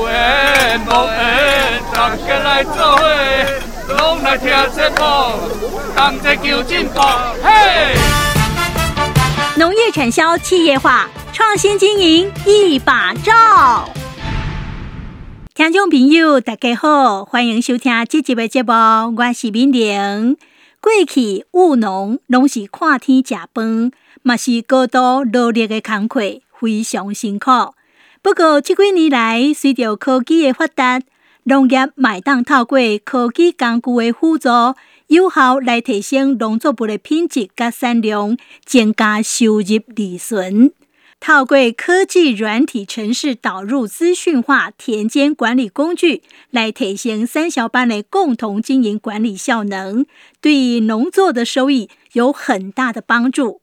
農業產銷企業化，創新經營一把罩。聽眾朋友，大家好，歡迎收聽這集的節目，我是敏玲。過去務農，攏是看天吃飯，嘛是過度努力的工課，非常辛苦。不過，這幾年來，隨着科技的發達，農業買當透過，科技工具的輔助，有效來提升農作物的品質和產量，增加收入利潤。透過科技軟體程式導入資訊化田間管理工具，來提升產銷班的共同經營管理效能，對於農作的收益有很大的幫助。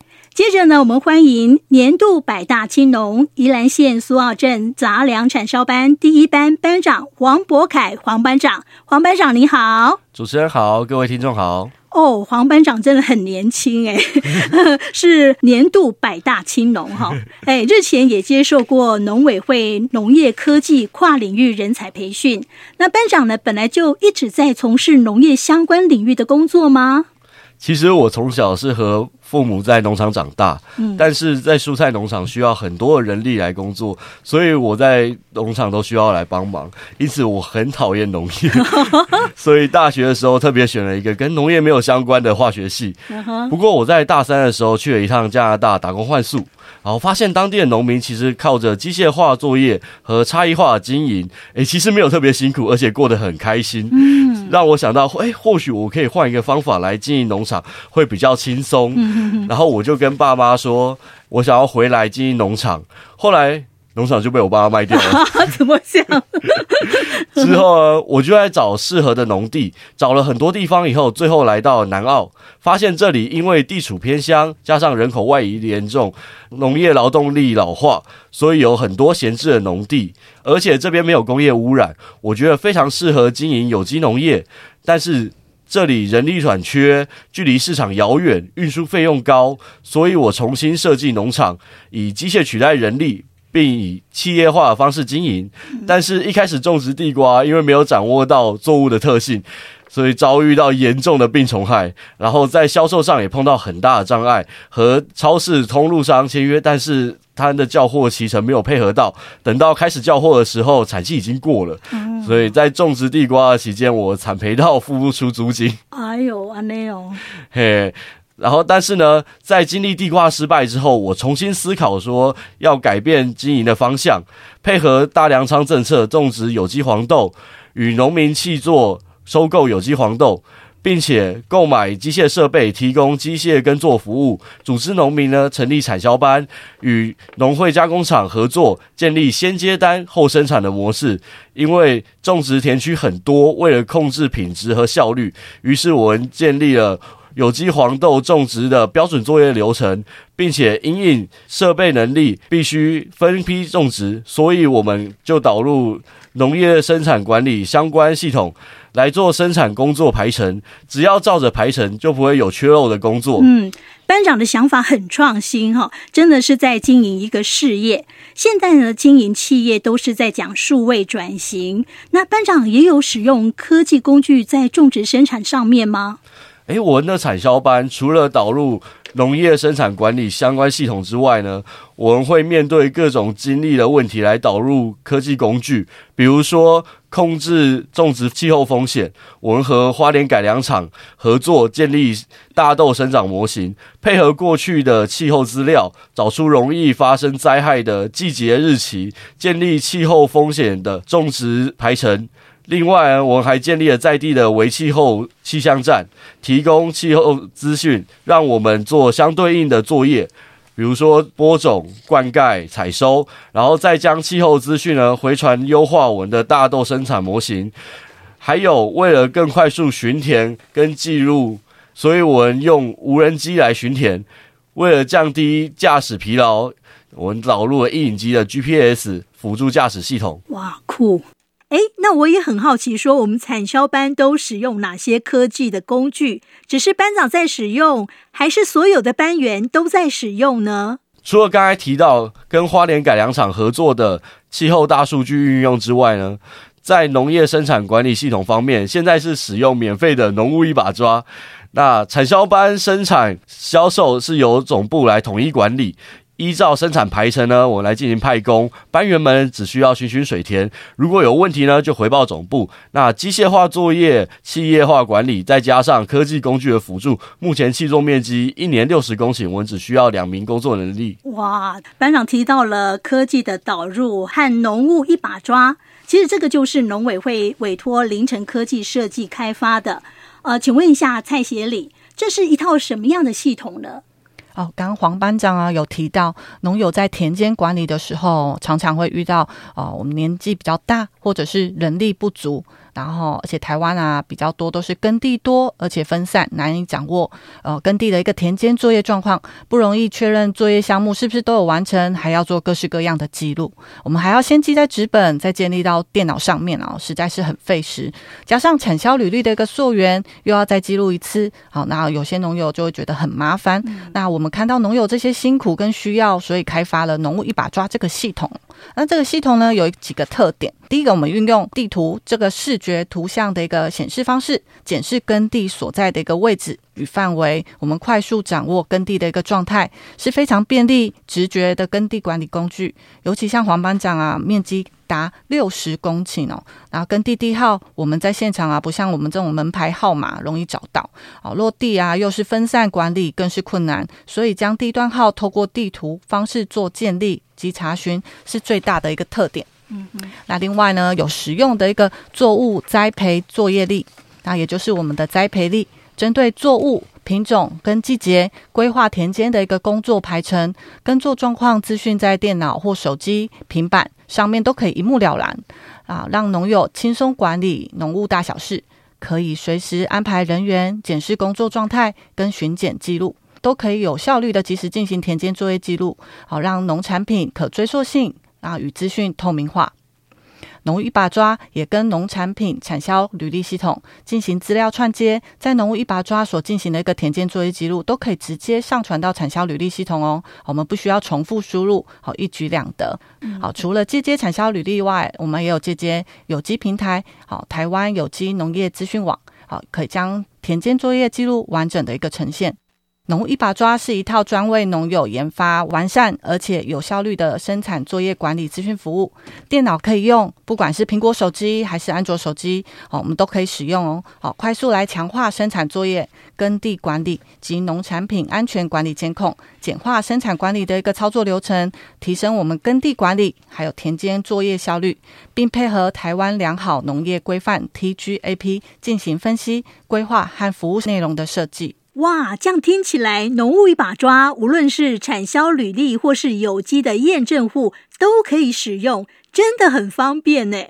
接着呢，我們歡迎年度百大青農宜蘭縣蘇澳鎮雜糧產銷班第一班班長黃柏凱黃班長，黃班長你好，主持人好，各位聽眾好。哦，黃班長真的很年輕，哎， 是年度百大青農哈、哦哎，日前也接受過農委會農業科技跨領域人才培訓。那班長呢，本來就一直在從事農業相關領域的工作嗎？其實我從小是和。父母在農場長大，但是在蔬菜農場需要很多人力來工作，所以我在農場都需要來幫忙。因此，我很討厭農業， 所以大學的時候特別選了一個跟農業沒有相關的化學系。不過，我在大三的時候去了一趟加拿大打工換宿，然後發現當地的農民其實靠着機械化作業和差異化的經營，哎、欸，其實沒有特別辛苦，而且過得很開心。讓我想到，誒，或許我可以換一個方法來經營農場，會比較輕鬆。 然後我就跟爸媽說，我想要回來經營農場。後來。農場就被我爸爸賣掉了。怎麼想？之後呢，我就來找適合的農地，找了很多地方以後，最後來到了南澳，發現這裡因為地處偏鄉，加上人口外移嚴重，農業勞動力老化，所以有很多閒置的農地，而且這邊沒有工業污染，我覺得非常適合經營有機農業。但是這裡人力短缺，距離市場遙遠，運輸費用高，所以我重新設計農場，以機械取代人力。並以企業化的方式經營，但是一開始種植地瓜，因為沒有掌握到作物的特性，所以遭遇到嚴重的病蟲害。然後在銷售上也碰到很大的障礙，和超市通路商簽約，但是他的叫貨期程沒有配合到。等到開始叫貨的時候，產期已經過了。所以在種植地瓜的期間，我慘賠到付不出租金。哎呦，阿捏哦、嘿。然後，但是呢，在經歷地瓜失敗之後，我重新思考，說要改變經營的方向，配合大糧倉政策，種植有機黃豆，與農民契作收購有機黃豆，並且購買機械設備，提供機械耕作服務，組織農民呢成立產銷班，與農會加工廠合作，建立先接單後生產的模式。因為種植田區很多，為了控制品質和效率，於是我們建立了。有機黃豆種植的標準作業流程，並且因應設備能力必須分批種植，所以我們就導入農業生產管理相關係統來做生產工作排程。只要照着排程，就不會有缺漏的工作。嗯，班長的想法很創新哈，真的是在經營一個事業。現在呢，經營企業都是在講數位轉型，那班長也有使用科技工具在種植生產上面嗎？誒，我們的產銷班除了導入農業生產管理相關係統之外呢，我們會面對各種經歷的問題來導入科技工具，比如說控制種植氣候風險。我們和花蓮改良場合作建立大豆生長模型，配合過去的氣候資料，找出容易發生災害的季節日期，建立氣候風險的種植排程。另外，我們還建立了在地的微氣候氣象站，提供氣候資訊，讓我們做相對應的作業，比如說播種、灌溉、採收，然後再將氣候資訊呢回傳，優化我們的大豆生產模型。還有，為了更快速巡田跟記錄，所以我們用無人機來巡田。為了降低駕駛疲勞，我們導入了曳引機的 GPS 輔助駕駛系統。哇，酷！誒，那我也很好奇，說我們產銷班都使用哪些科技的工具？只是班長在使用，還是所有的班員都在使用呢？除了剛才提到跟花蓮改良場合作的氣候大數據運用之外呢，在農業生產管理系統方面，現在是使用免費的農務 E 把抓。那產銷班生產銷售是由總部來統一管理。依照生產排程呢，我們來進行派工。班員們只需要巡巡水田，如果有問題呢，就回報總部。那機械化作業、企業化管理，再加上科技工具的輔助，目前氣種面積一年六十公頃，我們只需要兩名工作能力。哇，班長提到了科技的導入和農務 E 把抓，其實這個就是農委會委托凌誠科技設計開發的。呃，請問一下蔡協理，這是一套什麼樣的系統呢？哦，剛剛黃班長啊有提到，農友在田間管理的時候，常常會遇到啊，哦，我們年紀比較大，或者是人力不足。然後，而且台灣啊比較多都是耕地多，而且分散，難以掌握。呃，耕地的一個田間作業狀況不容易確認，作業項目是不是都有完成，還要做各式各樣的記錄。我們還要先記在紙本，再建立到電腦上面啊、哦，實在是很費時。加上產銷履歷的一個溯源，又要再記錄一次。好、哦，那有些農友就會覺得很麻煩。嗯、那我們看到農友這些辛苦跟需要，所以開發了農務 E 把抓這個系統。那這個系統呢，有幾個特點。第一個，我們運用地圖這個視覺圖像的一個顯示方式，檢視耕地所在的一個位置與範圍，我們快速掌握耕地的一個狀態，是非常便利、直覺的耕地管理工具。尤其像黃班長啊，面積達六十公頃哦、喔，然後耕地地號，我們在現場啊，不像我們這種門牌號碼容易找到哦、啊，落地啊又是分散管理，更是困難，所以將地段號透過地圖方式做建立及查詢，是最大的一個特點。嗯，那另外呢，有實用的一個作物栽培作業力，那也就是我們的栽培力，針對作物品種跟季節規劃田間的一個工作排程、耕作狀況資訊，在電腦或手機、平板上面都可以一目了然，啊，讓農友輕鬆管理農務大小事，可以隨時安排人員檢視工作狀態跟巡檢記錄，都可以有效率地及時進行田間作業記錄，好，啊，讓農產品可追溯性，啊，與資訊透明化，農務 E 把抓也跟農產品產銷履歷系統進行資料串接，在農務 E 把抓所進行的一個田間作業記錄，都可以直接上傳到產銷履歷系統哦。我們不需要重複輸入，好，一舉兩得。好、嗯啊，除了接接產銷履歷外，我們也有接接有機平台，好、啊，台灣有機農業資訊網，好、啊，可以將田間作業記錄完整的一個呈現。農務 e 把抓是一套專為農友研發、完善，而且有效率的生產作業管理資訊服務。電腦可以用，不管是蘋果手機還是安卓手機，哦，我們都可以使用哦。好，快速來強化生產作業、耕地管理及農產品安全管理監控，簡化生產管理的一個操作流程，提升我們耕地管理還有田間作業效率，並配合台灣良好農業規範 （TGAP） 進行分析、規劃和服務內容的設計。哇，這樣聽起來農務 E 把抓，無論是產銷履歷或是有機的驗證戶都可以使用，真的很方便呢。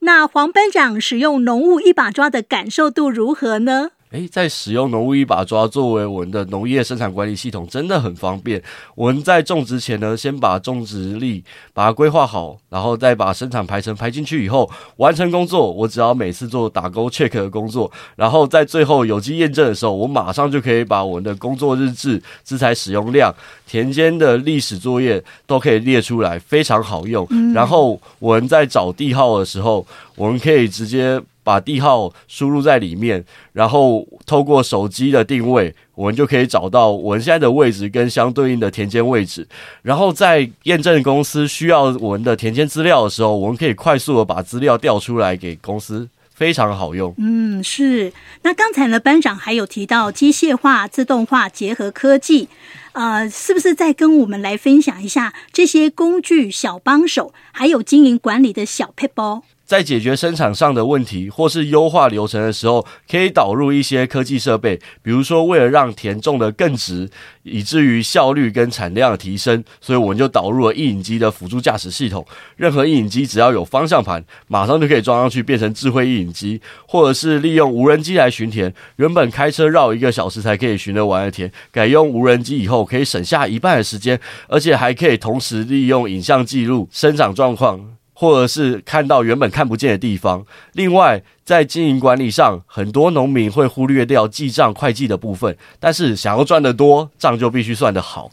那黃班長使用農務 E 把抓的感受度如何呢？誒，在使用農務 E 把抓作為我們的農業生產管理系統，真的很方便。我們在種植前呢，先把種植力、把它規劃好，然後再把生產排程排進去以後，完成工作。我只要每次做打勾 check 的工作，然後在最後有機驗證的時候，我馬上就可以把我們的工作日誌、資材使用量、田間的歷史作業都可以列出來，非常好用。嗯、然後我們在找地號的時候，我們可以直接。把地號輸入在裡面，然後透過手機的定位，我們就可以找到我們現在的位置跟相對應的田間位置。然後在驗證公司需要我們的田間資料的時候，我們可以快速的把資料調出來給公司，非常好用。嗯，是。那剛才呢，班長還有提到機械化、自動化結合科技，呃，是不是再跟我們來分享一下這些工具小幫手，還有經營管理的小撇步？在解決生產上的問題，或是優化流程的時候，可以導入一些科技設備。比如說，為了讓田種得更直，以至於效率跟產量的提升，所以我們就導入了曳引機的輔助駕駛系統。任何曳引機只要有方向盤，馬上就可以裝上去，變成智慧曳引機。或者是利用無人機來巡田，原本開車繞一個小時才可以巡得完的田，改用無人機以後，可以省下一半的時間，而且還可以同時利用影像記錄生長狀況。或者是看到原本看不見的地方。另外，在經營管理上，很多農民會忽略掉記賬會計的部分。但是，想要賺得多，賬就必須算得好。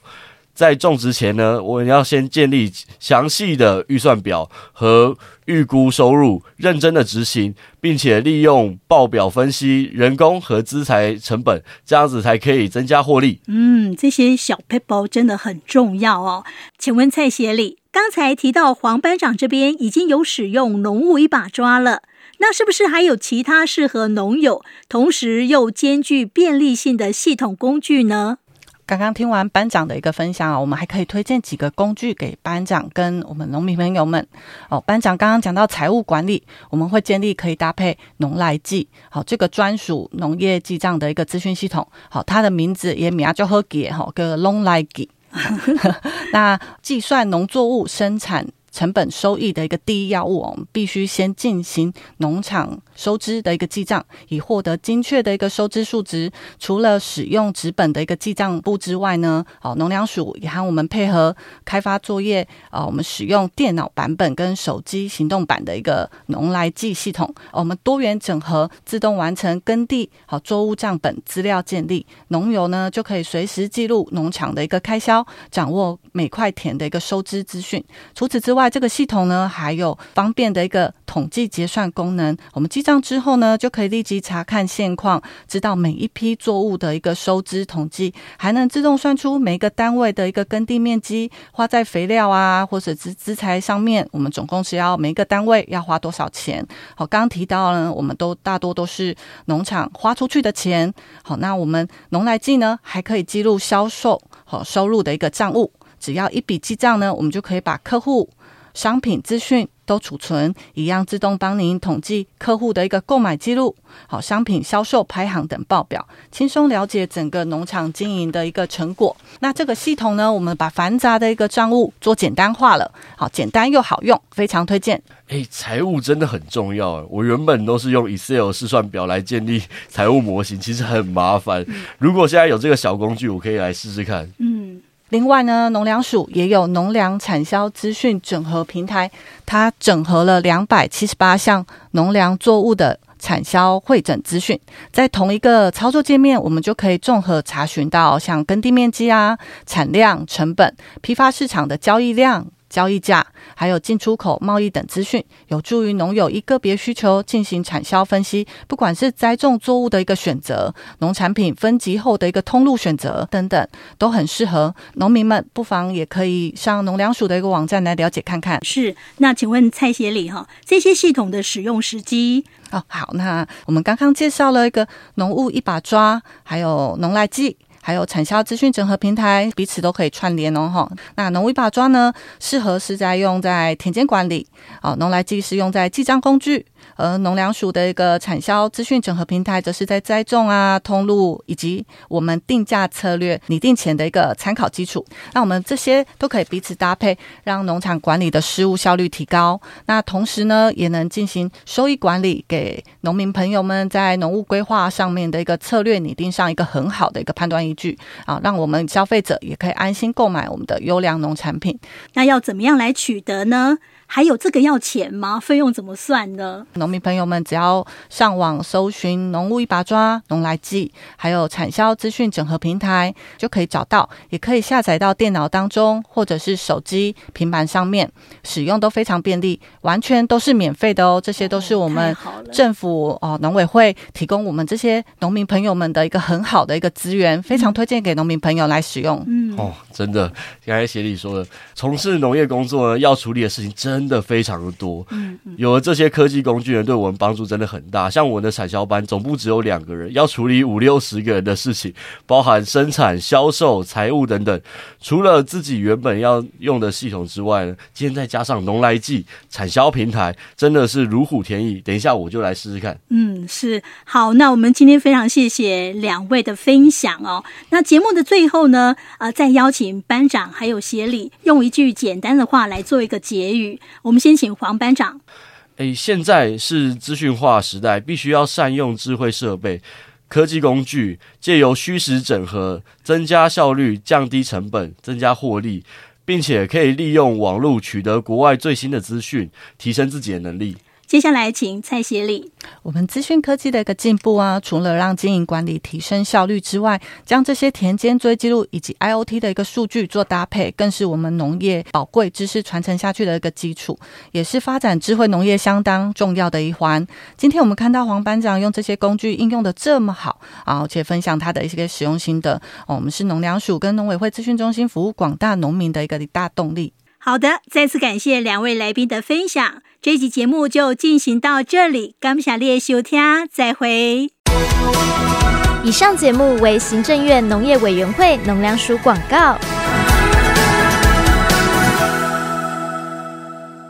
在種植前呢，我要先建立詳細的預算表和預估收入，認真的執行，並且利用報表分析人工和資材成本，這樣子才可以增加獲利。嗯，這些小撇步真的很重要哦。請問蔡協理？剛才提到黃班長這邊已經有使用農務 E 把抓了，那是不是還有其他適合農友，同時又兼具便利性的系統工具呢？剛剛聽完班長的一個分享啊，我們還可以推薦幾個工具給班長跟我們農民朋友們哦。班長剛剛講到財務管理，我們會建議可以搭配農來記，好、哦，這個專屬農業記賬的一個資訊系統，好、哦，它的名字也名就和記哈，個、哦、農來記。 那計算農作物生產成本收益的一個第一要務哦，我們必須先進行農場。收支的一個記賬，以獲得精確的一個收支數值。除了使用紙本的一個記賬簿之外呢，好、啊，農糧署也和我們配合開發作業啊，我們使用電腦版本跟手機行動版的一個“農來記”系統、啊，我們多元整合，自動完成耕地好、啊、作物賬本資料建立，農友呢就可以隨時記錄農場的一個開銷，掌握每塊田的一個收支資訊。除此之外，這個系統呢還有方便的一個統計結算功能，我們記。賬之後呢，就可以立即查看現況，知道每一批作物的一個收支統計，還能自動算出每個單位的一個耕地面積，花在肥料啊，或者是資材上面，我們總共是要每一個單位要花多少錢。好、哦，剛剛提到呢，我們都大多都是農場花出去的錢。好、哦，那我們農來記呢，還可以記錄銷售和、哦、收入的一個賬務。只要一筆記賬呢，我們就可以把客戶商品資訊，都儲存，一樣自動幫您統計客戶的一個購買記錄，好商品銷售排行等報表，輕鬆了解整個農場經營的一個成果。那這個系統呢，我們把繁雜的一個賬務做簡單化了，好簡單又好用，非常推薦。誒、欸，財務真的很重要，我原本都是用 Excel 試算表來建立財務模型，其實很麻煩。嗯。如果現在有這個小工具，我可以來試試看。嗯。另外呢，農糧署也有農糧產銷資訊整合平台，它整合了兩百七十八項農糧作物的產銷彙整資訊，在同一個操作界面，我們就可以綜合查詢到像耕地面積啊、產量、成本、批發市場的交易量，交易價，還有進出口貿易等資訊，有助於農友依個別需求進行產銷分析。不管是栽種作物的一個選擇，農產品分級後的一個通路選擇等等，都很適合農民們。不妨也可以上農糧署的一個網站來了解看看。是，那請問蔡協理哈，這些系統的使用時機？哦，好，那我們剛剛介紹了一個農務 E 把抓，還有農來記。還有產銷資訊整合平台，彼此都可以串聯哦，齁，那農務 E 把抓呢，適合是在用在田間管理。哦，農來記是用在記賬工具。而農糧署的一個產銷資訊整合平台，則是在栽種啊、通路以及我們定價策略擬定前的一個參考基礎。那我們這些都可以彼此搭配，讓農場管理的實務效率提高。那同時呢，也能進行收益管理，給農民朋友們在農務規劃上面的一個策略擬定上一個很好的一個判斷依據啊，讓我們消費者也可以安心購買我們的優良農產品。那要怎麼樣來取得呢？還有這個要錢嗎？費用怎麼算呢？農民朋友們只要上網搜尋“農務 E 把抓”“農來記”，還有產銷資訊整合平台，就可以找到，也可以下載到電腦當中或者是手機、平板上面使用，都非常便利，完全都是免費的哦。這些都是我們政府哦、呃、農委會提供我們這些農民朋友們的一個很好的一個資源，嗯、非常推薦給農民朋友來使用。嗯哦，真的，剛才協理說的，從事農業工作要處理的事情真。真的非常的多，嗯，有了這些科技工具呢，對我們幫助真的很大。像我們的產銷班，總部只有兩個人，要處理五六十個人的事情，包含生產、銷售、財務等等。除了自己原本要用的系統之外，今天再加上農來記產銷平台，真的是如虎添翼。等一下我就來試試看。嗯，是好。那我們今天非常謝謝兩位的分享哦。那節目的最後呢，呃，再邀請班長還有協理用一句簡單的話來做一個結語。我們先請黃班長。誒、哎，現在是資訊化時代，必須要善用智慧設備、科技工具，借由虛實整合增加效率、降低成本、增加獲利，並且可以利用網絡取得國外最新的資訊，提升自己的能力。接下來，請蔡協理。我們資訊科技的一個進步啊，除了讓經營管理提升效率之外，將這些田間追記錄以及 IoT 的一個數據做搭配，更是我們農業寶貴知識傳承下去的一個基礎，也是發展智慧農業相當重要的一環。今天我們看到黃班長用這些工具應用的這麼好啊，而且分享他的一些使用心得哦、啊，我們是農糧署跟農委會資訊中心服務廣大農民的一個一大動力。好的，再次感謝兩位來賓的分享，這集節目就進行到這裡，鋼不啥秀天再會。以上節目為行政院農業委員會農糧署廣告。